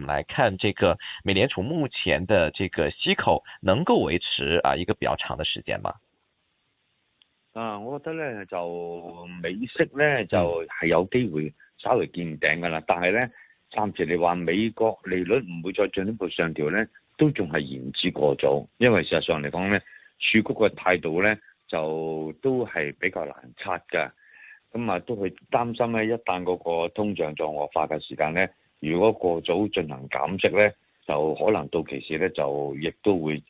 我來看這個美聯儲目前的這個息口能夠維持啊一個比較長的時間嗎？啊，我覺得咧就美息咧就係、是、有機會稍微見頂噶啦，但係咧暫時你話美國利率唔會再進一步上調咧，都仲係言之過早，因為事實上嚟講咧，儲局嘅態度咧就都係比較難測噶，咁啊都會擔心咧一旦嗰個通脹狀況惡化嘅時間咧。如果過早進行減息咧，就可能到期時咧就亦都會、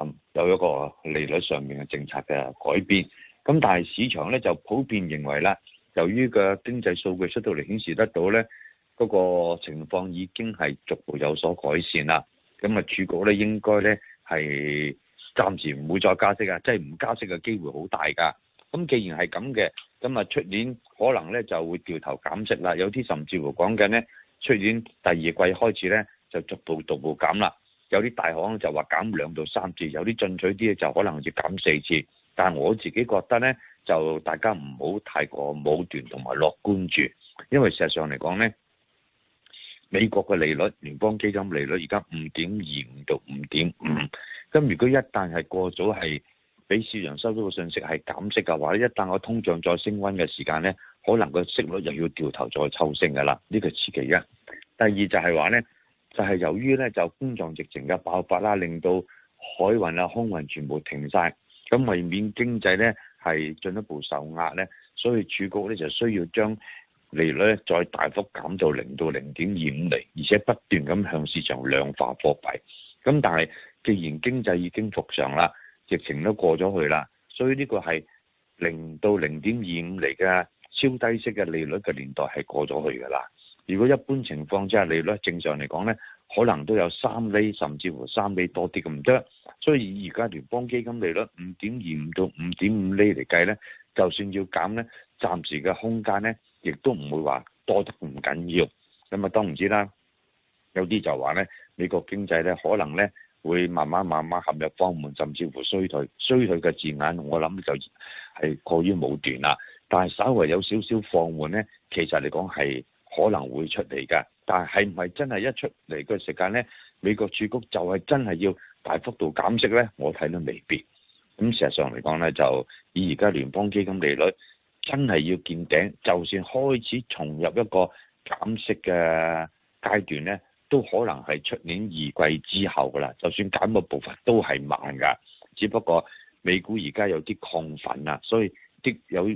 嗯、有一個利率上面嘅政策嘅改變。咁但係市場咧就普遍認為啦，由於個經濟數據出到嚟顯示得到咧，嗰、嗰個情況已經係逐步有所改善啦。咁啊，儲局咧應該咧係暫時唔會再加息啊，即係唔加息嘅機會好大㗎。咁既然係咁嘅，咁啊出年可能咧就會掉頭減息啦。有啲甚至乎講緊呢，出年第二季開始咧，就逐步逐步減啦。有啲大行就話減兩到三次，有啲進取啲咧就可能要減四次。但係我自己覺得咧，就大家唔好太過武斷同埋樂觀住，因為事實上嚟講咧，美國嘅利率聯邦基金利率而家五點二五到五點五。咁如果一旦係過早係俾市場收到個信息係減息嘅話，一旦個通脹再升溫嘅時間咧。可能個息率又要掉頭再抽升㗎啦，呢、這個初期嘅。第二就係話呢，就係、是、由於呢，就冠狀疫情嘅爆發啦，令到海運啊、空運全部停晒。咁為免經濟呢係進一步受壓呢，所以儲局呢就需要將利率呢再大幅減到零到零點二五厘，而且不斷咁向市場量化貨幣。咁但係既然經濟已經復常啦，疫情都過咗去啦，所以呢個係零到零點二五厘嘅。超低息嘅利率嘅年代係過咗去噶啦。如果一般情況之下，利率正常嚟講呢，可能都有三厘甚至乎三厘多啲咁多。所以而家聯邦基金利率五點二五到五點五厘嚟計呢，就算要減呢，暫時嘅空間呢亦都唔會話多得咁緊要。咁、嗯、啊，當唔知啦。有啲就話呢美國經濟呢，可能呢會慢慢慢慢陷入放緩，甚至乎衰退。衰退嘅字眼我諗就係過於武斷啦。但係稍為有少少放緩呢，其實嚟講係可能會出嚟㗎。但係係唔係真係一出嚟嗰時間呢，美國儲局就係真係要大幅度減息呢？我睇都未必。咁事實上嚟講呢，就以而家聯邦基金利率真係要見頂，就算開始重入一個減息嘅階段呢，都可能係出年二季之後㗎啦。就算減嘅步伐都係慢㗎，只不過美股而家有啲亢奮啊，所以啲有。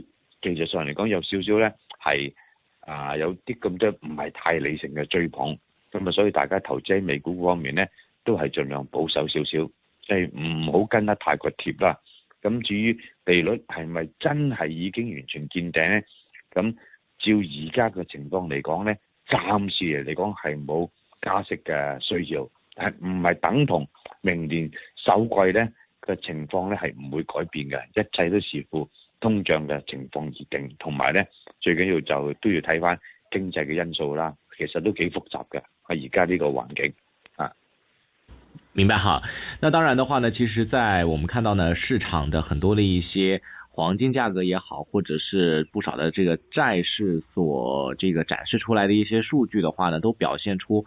技術上嚟講，有少少咧係啊，有啲咁多唔係太理性嘅追捧，咁啊，所以大家投資喺美股嗰方面咧，都係盡量保守少少，即係唔好跟得太過貼啦。咁至於利率係咪真係已經完全見頂咧？咁照而家嘅情況嚟講咧，暫時嚟講係冇加息嘅需要，但係唔係等同明年首季咧嘅情況咧係唔會改變嘅，一切都視乎。通脹嘅情況而定，同埋咧最緊要就都要睇返經濟嘅因素啦。其實都幾複雜嘅，喺而家呢個環境啊，明白哈？那當然的話呢，其實在我們看到呢市場的很多的一些黃金價格也好，或者是不少的這個債市所這個展示出來的一些數據的話呢，都表現出。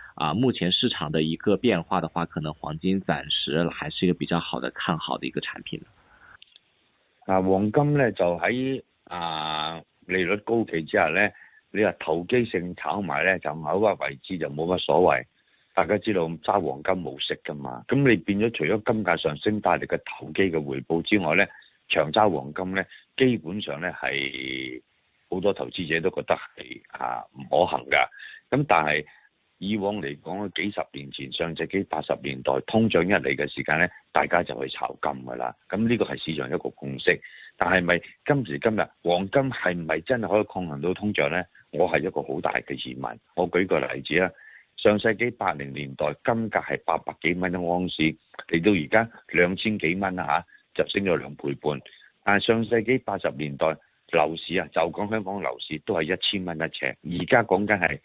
啊，目前市場的一個變化的話，可能黃金暫時還是一個比較好的看好的一個產品。啊，黃金咧就喺啊利率高企之下咧，你話投機性炒埋咧就某個位置就冇乜所謂。大家知道揸黃金冇息噶嘛，咁你變咗除咗金價上升帶嚟嘅投機嘅回報之外咧，長揸黃金咧基本上咧係好多投資者都覺得係啊唔可行噶。咁但係，以往嚟講啊，幾十年前上世紀八十年代通脹一嚟嘅時間咧，大家就去炒金㗎啦。咁呢個係市場一個共識。但係咪今時今日黃金係咪真係可以抗衡到通脹呢？我係一個好大嘅疑問。我舉個例子啊：上世紀八零年代金價係八百幾蚊一盎司，嚟到而家兩千幾蚊啊嚇，就升咗兩倍半。但係上世紀八十年代樓市啊，就講香港樓市都係一千蚊一尺，而家講緊係。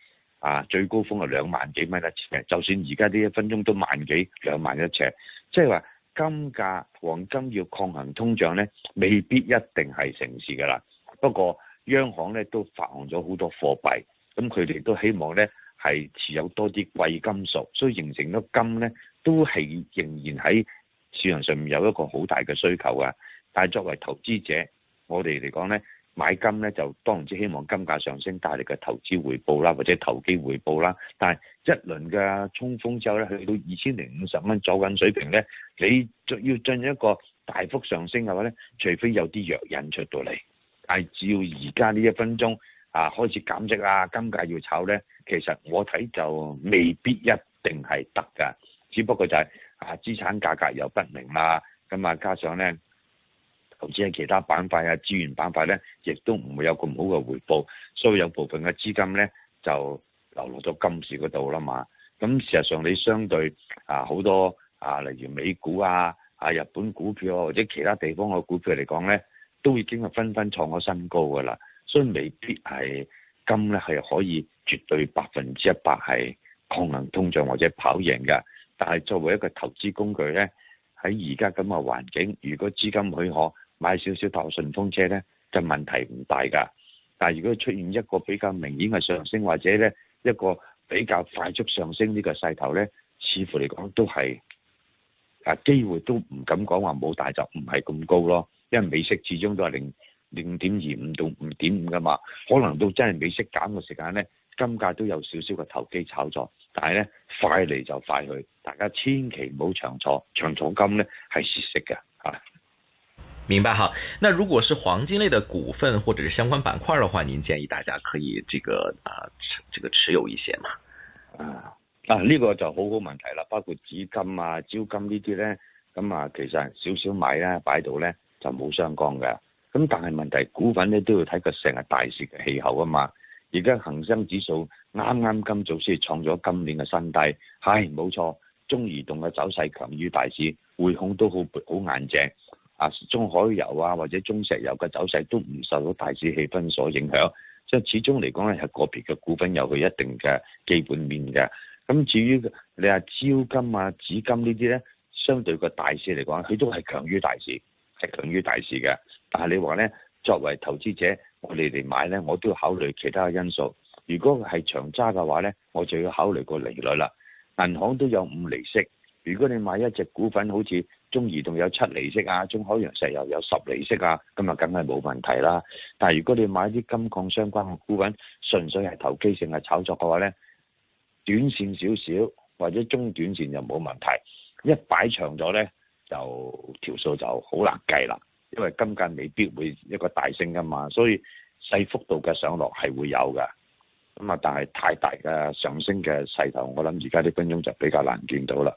啊！最高峰係兩萬幾蚊一尺，就算而家呢一分鐘都萬幾兩萬一尺，即係話金價黃金要抗衡通脹呢，未必一定係成事㗎啦。不過央行呢都發行咗好多貨幣，咁佢哋都希望呢係持有多啲貴金屬，所以形成咗金呢都係仍然喺市場上面有一個好大嘅需求啊！但係作為投資者，我哋嚟講呢。買金咧就當然之希望金價上升帶嚟嘅投資回報啦，或者投機回報啦。但係一輪嘅衝鋒之後咧，去到二千零五十蚊左右水平咧，你就要進一個大幅上升嘅話咧，除非有啲藥引出到嚟。但係照而家呢一分鐘啊開始減息啦，金價要炒咧，其實我睇就未必一定係得㗎。只不過就係、是、啊資產價格又不明啦，咁啊加上咧。投資喺其他板塊啊、資源板塊呢，亦都唔會有咁好嘅回報，所以有部分嘅資金呢，就流落咗金市嗰度啦嘛。咁事實上你相對啊好多啊，例如美股啊、啊日本股票、啊、或者其他地方嘅股票嚟講呢，都已經係紛紛創咗新高噶啦，所以未必係金呢，係可以絕對百分之一百係抗衡通脹或者跑贏㗎。但係作為一個投資工具呢，喺而家咁嘅環境，如果資金許可，買少少頭順風車呢，就問題唔大噶。但係如果出現一個比較明顯嘅上升，或者呢一個比較快速上升呢個勢頭呢，似乎嚟講都係啊機會都唔敢講話冇大，就唔係咁高咯。因為美息始終都係零零點二五到五點五噶嘛，可能到真係美息減嘅時間呢，金價都有少少嘅投機炒作。但係呢，快嚟就快去，大家千祈唔好長坐，長坐金呢係蝕息噶吓。明白哈，那如果是黃金類的股份或者是相關板塊的話，您建議大家可以這個啊、呃，這個持有一些嘛、啊？啊啊呢、這個就好好問題啦，包括紫金啊、招金呢啲呢。咁、嗯、啊其實少少買呢擺到呢就冇相干嘅。咁但係問題股份呢都要睇個成日大市嘅氣候啊嘛。而家恒生指數啱啱今早先創咗今年嘅新低，係冇錯，中移動嘅走勢強於大市，滙控都好好硬淨。啊，中海油啊或者中石油嘅走勢都唔受到大市氣氛所影響，即係始終嚟講，咧係個別嘅股份有佢一定嘅基本面嘅。咁至於你話招金啊、紫金呢啲咧，相對個大市嚟講，佢都係強於大市，係強於大市嘅。但、啊、係你話咧，作為投資者，我哋嚟買咧，我都要考慮其他因素。如果係長揸嘅話咧，我就要考慮個利率啦。銀行都有五厘息。如果你買一隻股份好似，中移動有七厘息啊，中海洋石油有十厘息啊，咁啊梗係冇問題啦。但係如果你買啲金礦相關嘅股份，純粹係投機性嘅炒作嘅話呢，短線少少或者中短線就冇問題。一擺長咗呢，就條數就好難計啦，因為金價未必會一個大升噶嘛，所以細幅度嘅上落係會有嘅。咁啊，但係太大嘅上升嘅勢頭，我諗而家啲兵種就比較難見到啦。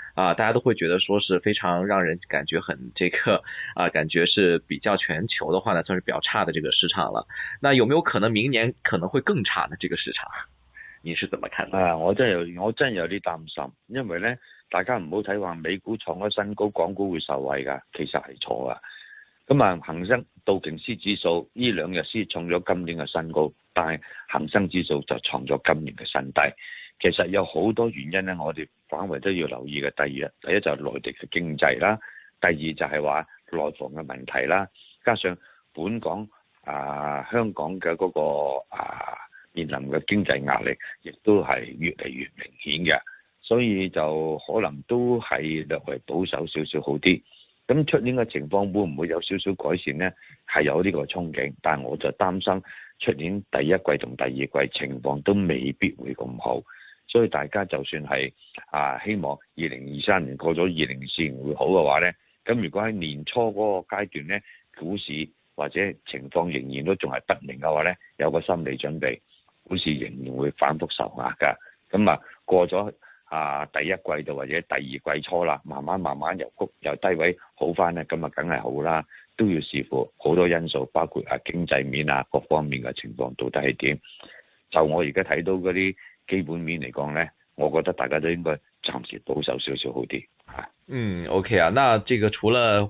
啊，大家都會覺得說是非常讓人感覺很這個，啊，感覺是比較全球的話呢，算是比較差的這個市場了。那有沒有可能明年可能會更差呢？這個市場？你是怎麼看？啊，我真有我真有啲擔心，因為呢大家唔好睇話美股創咗新高，港股會受惠㗎，其實係錯噶。咁啊，恒生道瓊斯指數呢兩日先創咗今年嘅新高，但係恒生指數就創咗今年嘅新低。其實有好多原因咧，我哋返回都要留意嘅。第二，第一就係內地嘅經濟啦，第二就係話內房嘅問題啦，加上本港啊香港嘅嗰個啊面臨嘅經濟壓力，亦都係越嚟越明顯嘅。所以就可能都係略為保守少少好啲。咁出年嘅情況會唔會有少少改善呢？係有呢個憧憬，但係我就擔心出年第一季同第二季情況都未必會咁好。所以大家就算係啊，希望二零二三年過咗二零二四年會好嘅話呢。咁如果喺年初嗰個階段呢，股市或者情況仍然都仲係不明嘅話呢，有個心理準備，股市仍然會反覆受壓噶。咁啊，過咗啊第一季度或者第二季初啦，慢慢慢慢由谷由低位好翻咧，咁啊梗係好啦，都要視乎好多因素，包括啊經濟面啊各方面嘅情況到底係點。就我而家睇到嗰啲。基本面嚟講咧，我覺得大家都應該暫時保守少少好啲嚇。嗯，OK 啊，嗱，即係除了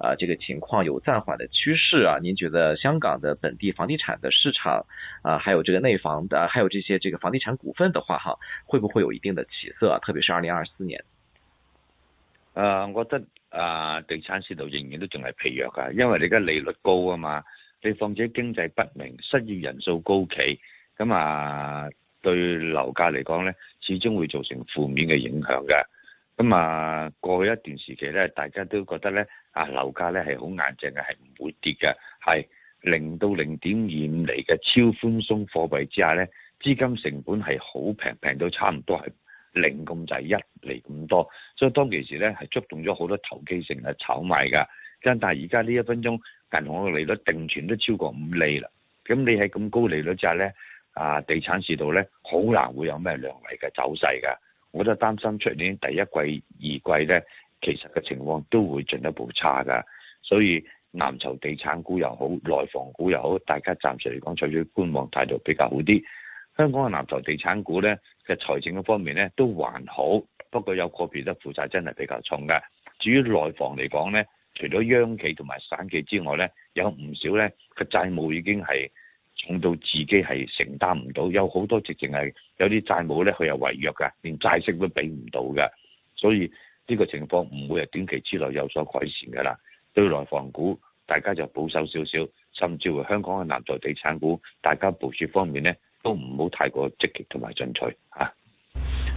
啊，這個情況有暫緩的趨勢啊，您覺得香港的本地房地產的市場，啊，還有這個內房的，啊、還有這些這個房地產股份的話，哈、啊，會不會有一定的起色、啊？特別是二零二四年呃？呃，我覺得，啊，地產市道仍然都仲係疲弱㗎，因為你而家利率高啊嘛，你況且經濟不明，失業人數高企，咁、嗯、啊，對樓價嚟講呢，始終會造成負面嘅影響嘅。咁啊、嗯，過去一段時期咧，大家都覺得咧，啊樓價咧係好硬淨嘅，係唔會跌嘅，係零到零點二五厘嘅超寬鬆貨幣之下咧，資金成本係好平，平到差唔多係零咁滯一厘咁多。所以當其時咧係觸動咗好多投機性嘅炒賣㗎。咁但係而家呢一分鐘銀行嘅利率定存都超過五厘啦。咁你喺咁高利率之下咧，啊地產市道咧好難會有咩亮麗嘅走勢㗎。我都係擔心，出年第一季、二季呢，其實嘅情況都會進一步差㗎。所以，藍籌地產股又好，內房股又好，大家暫時嚟講採取觀望態度比較好啲。香港嘅藍籌地產股呢，嘅財政方面呢都還好，不過有個別嘅負債真係比較重㗎。至於內房嚟講呢，除咗央企同埋省企之外呢，有唔少呢，個債務已經係。重到自己係承擔唔到，有好多直情係有啲債務咧，佢又違約㗎，連債息都俾唔到㗎，所以呢個情況唔會係短期之內有所改善㗎啦。對內房股，大家就保守少少，甚至乎香港嘅南台地產股，大家部署方面咧都唔好太過積極同埋進取嚇。啊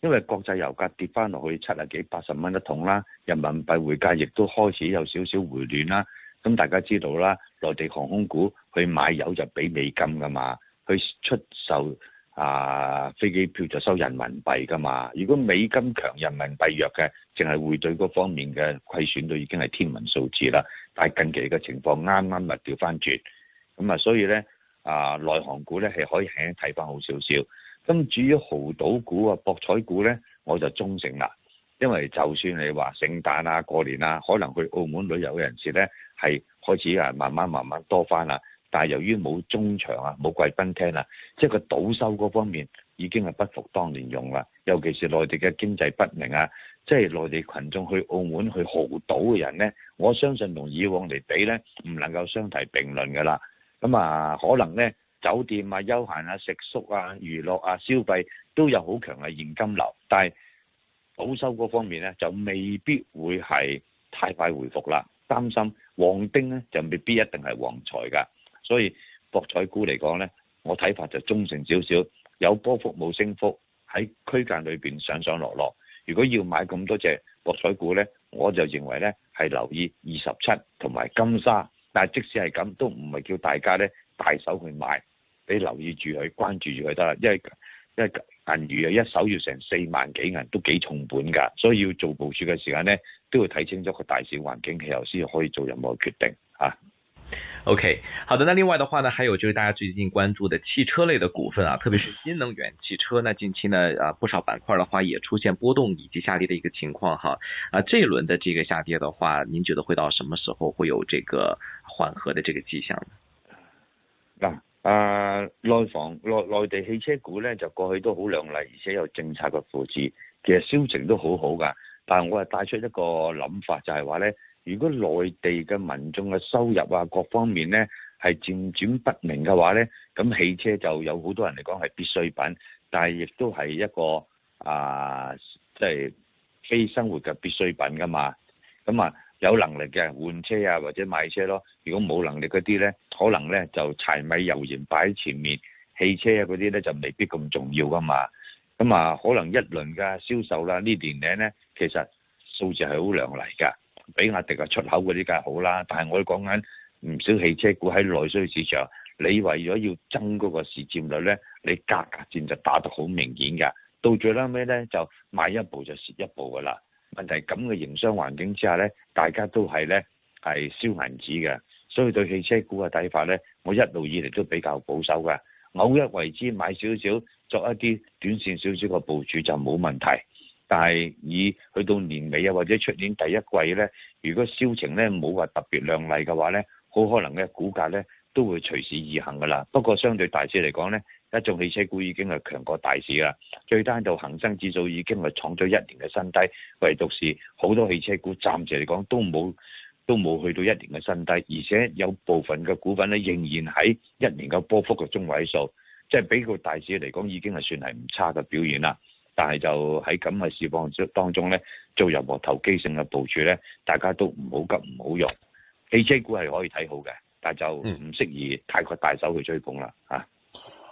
因為國際油價跌翻落去七啊幾八十蚊一桶啦，人民幣匯價亦都開始有少少回暖啦。咁大家知道啦，內地航空股去買油就俾美金噶嘛，去出售啊飛機票就收人民幣噶嘛。如果美金強人民幣弱嘅，淨係匯兌嗰方面嘅虧損都已經係天文數字啦。但係近期嘅情況啱啱咪調翻轉，咁啊所以咧啊內航股咧係可以輕輕睇翻好少少。咁、嗯、至於豪賭股啊、博彩股呢，我就中性啦。因為就算你話聖誕啊、過年啊，可能去澳門旅遊嘅人士呢，係開始啊，慢慢慢慢多返啦、啊。但係由於冇中場啊、冇貴賓廳啦、啊，即係個賭收嗰方面已經係不復當年勇啦。尤其是內地嘅經濟不明啊，即係內地群眾去澳門去豪賭嘅人呢，我相信同以往嚟比呢，唔能夠相提並論㗎啦。咁啊，可能呢。酒店啊、休閒啊、食宿啊、娛樂啊、消費都有好強嘅現金流，但係保修嗰方面咧就未必會係太快回復啦。擔心旺丁咧就未必一定係旺財㗎，所以博彩股嚟講咧，我睇法就中性少少，有波幅冇升幅喺區間裏邊上上落落。如果要買咁多隻博彩股咧，我就認為咧係留意二十七同埋金沙。但係即使係咁，都唔係叫大家咧。大手去買，你留意住佢，關注住佢得啦。因為因為銀娛啊，一手要成四萬幾銀，都幾重本㗎，所以要做部署嘅時間呢，都要睇清楚個大市環境，然後先可以做任何決定。啊、OK，好的，那另外的話呢，還有就是大家最近關注的汽車類的股份啊，特別是新能源汽車，呢，近期呢，啊不少板塊的話也出現波動以及下跌的一個情況哈、啊。啊，這一輪的這個下跌的話，您覺得會到什麼時候會有這個緩和的這個跡象？嗱，誒，啊，內房內內地汽車股咧，就過去都好亮麗，而且有政策嘅扶持，其實銷情都好好噶。但係我係帶出一個諗法，就係話咧，如果內地嘅民眾嘅收入啊，各方面咧係漸轉不明嘅話咧，咁汽車就有好多人嚟講係必需品，但係亦都係一個啊，即係非生活嘅必需品㗎嘛。咁啊，有能力嘅換車啊，或者買車咯。如果冇能力嗰啲咧，可能咧就柴米油鹽擺喺前面，汽車啊嗰啲咧就未必咁重要噶嘛。咁啊，可能一輪嘅銷售啦，年呢年靚咧，其實數字係好靚麗噶，比亞迪嘅出口嗰啲梗係好啦。但係我哋講緊唔少汽車股喺內需市場，你為咗要爭嗰個市佔率咧，你價格戰就打得好明顯㗎。到最冧尾咧，就賣一步就蝕一步㗎啦。問題，咁嘅營商環境之下咧，大家都係咧係燒銀紙嘅。所以對汽車股嘅睇法咧，我一路以嚟都比較保守嘅，偶一為之買少少，作一啲短線少少嘅部署就冇問題。但係以去到年尾啊，或者出年第一季咧，如果銷情咧冇話特別亮麗嘅話咧，好可能嘅股價咧都會隨市而行噶啦。不過相對大市嚟講咧，一眾汽車股已經係強過大市啦。最低限度恒生指數已經係創咗一年嘅新低，唯獨是好多汽車股暫時嚟講都冇都冇去到一年嘅新低，而且有部分嘅股份咧仍然喺一年嘅波幅嘅中位數，即係畀個大市嚟講已經係算係唔差嘅表現啦。但係就喺咁嘅市況當中咧，做任何投機性嘅部署咧，大家都唔好急，唔好用。汽車股係可以睇好嘅，但係就唔適宜太過大手去追捧啦嚇。嗯啊